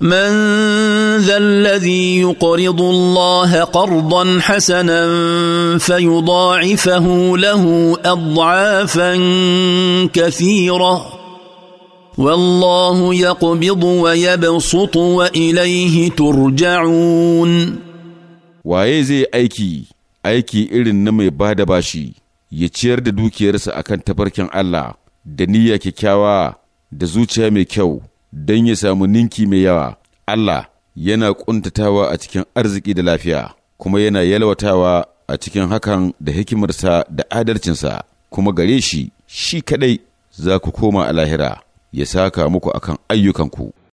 من ذا الذي يقرض الله قرضا حسنا فيضاعفه له اضعافا كثيره والله يقبض ويبسط واليه ترجعون waye zai aiki aiki irin na mai ba da bashi ya ciyar da dukiyarsa akan tafarkin Allah da niyya kyakkyawa da zuciya mai kyau don ya samu ninki mai yawa, Allah yana ƙuntatawa a cikin arziki da lafiya, kuma yana yalwatawa a cikin hakan da hikimarsa da adalcinsa, kuma gare shi, shi kaɗai za ku koma a lahira, ya saka muku akan ayyukanku.